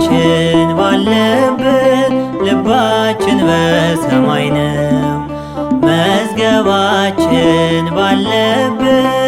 ጌታችን ባለበት ልባችን በሰማይ ነው። መዝገባችን ባለበት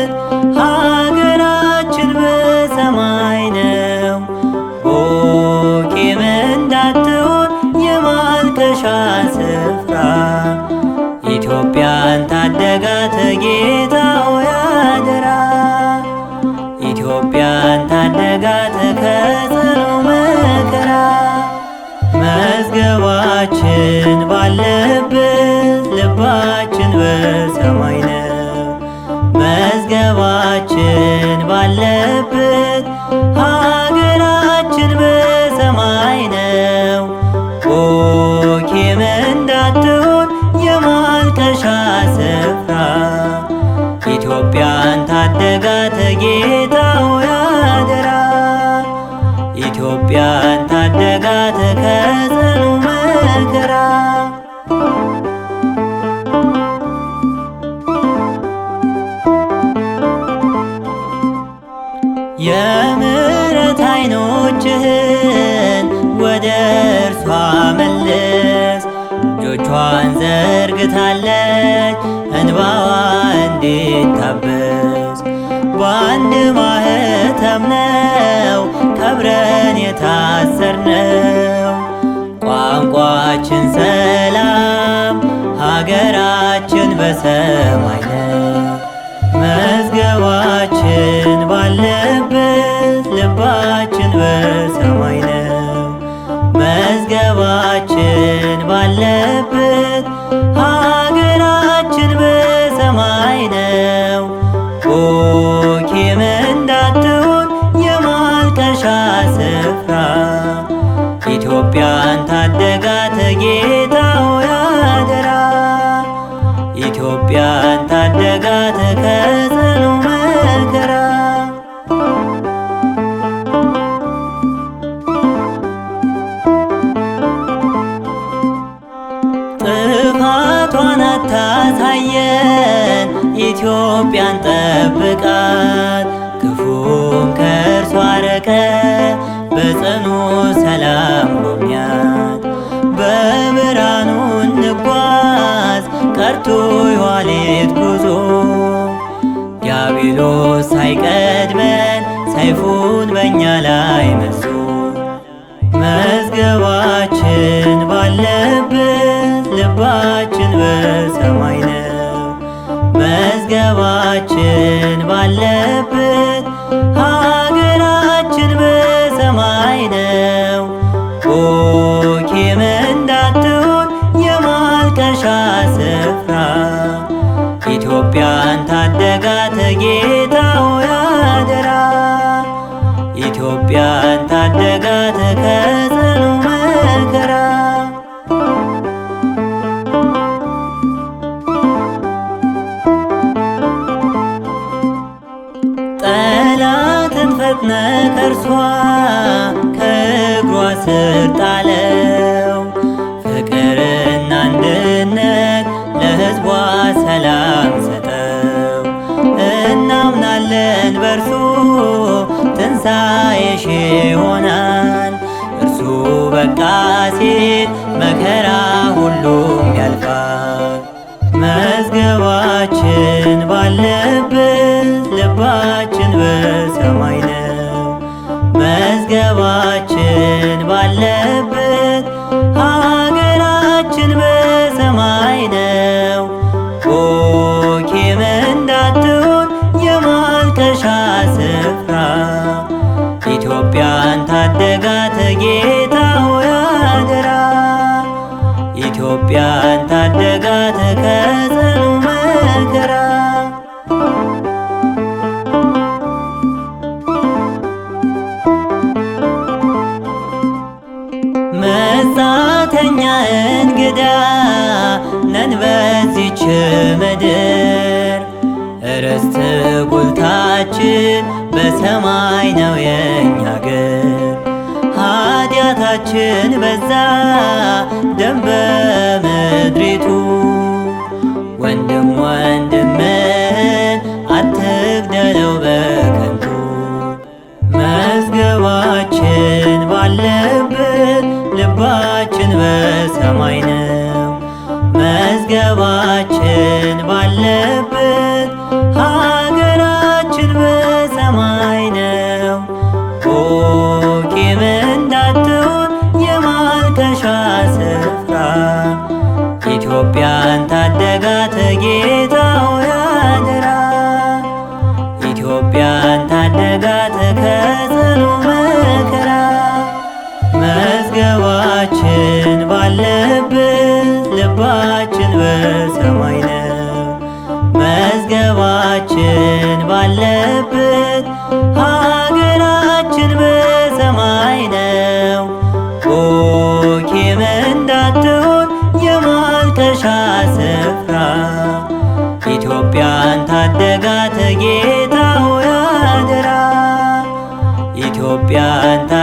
መናፍቀሻ ስፍራ ኢትዮጵያን ታደጋት ጌታው ያደራ ኢትዮጵያን ታደጋት ከጽኑ መከራ የምሕረት አይኖችህን ወደ እርሷ እጆቿን ዘርግታለች እንባዋ እንዲታበስ በአንድ ማህተም ነው ከብረን የታሰርነው ቋንቋችን ሰላም ሀገራችን በሰማይ ነው መዝገባችን ባለበት ልባችን በ ኢትዮጵያን ጠብቃት፣ ክፉን ከእርሷ አረቀ በጽኑ ሰላም ጎብኛት። በብርሃኑ እንጓዝ ቀርቶ የዋሌት ጉዞ ዲያብሎስ ሳይቀድመን ሰይፉን በእኛ ላይ መዞ ወገባችን ባለበት ሀገራችን በሰማይ ነው። ኦኪም እንዳትሆን የማልቀሻ ስፍራ ኢትዮጵያን ታደጋት ጌታው ያደራ ኢትዮጵያን ታደጋት ፈጥነ ከእርሷ ከእግሯ ስር ጣለው። ፍቅርና አንድነት ለሕዝቧ ሰላም ሰጠው። እናምናለን በእርሱ ትንሣኤሽ ይሆናል። እርሱ በቃ ሲል መከራ ሁሉም ያልፋል። መዝገባችን ባለበት ልባችን በሰማይ ወገባችን ባለበት ሀገራችን በሰማይ ነው። ኦኪም እንዳትሆን የማልቀሻ ስፍራ ኢትዮጵያን ታደጋት ጌታ ሆይ አደራ ኢትዮጵያን ታደጋት ከጽኑ መከራ ብቸኛ እንግዳ ነን በዚች ምድር እርስት ጉልታችን በሰማይ ነው የኛ አገር። ኃጢአታችን በዛ ደም በምድሪቱ ወንድም ወንድምን አትግደለው በከንቱ መዝገባችን ወገባችን ባለበት ሀገራችን በሰማይ ነው። ሾኬም እንዳትሆን የማልቀሻ ስፍራ ኢትዮጵያን ታደጋት ጌታ ሆይ አደራ ኢትዮጵያን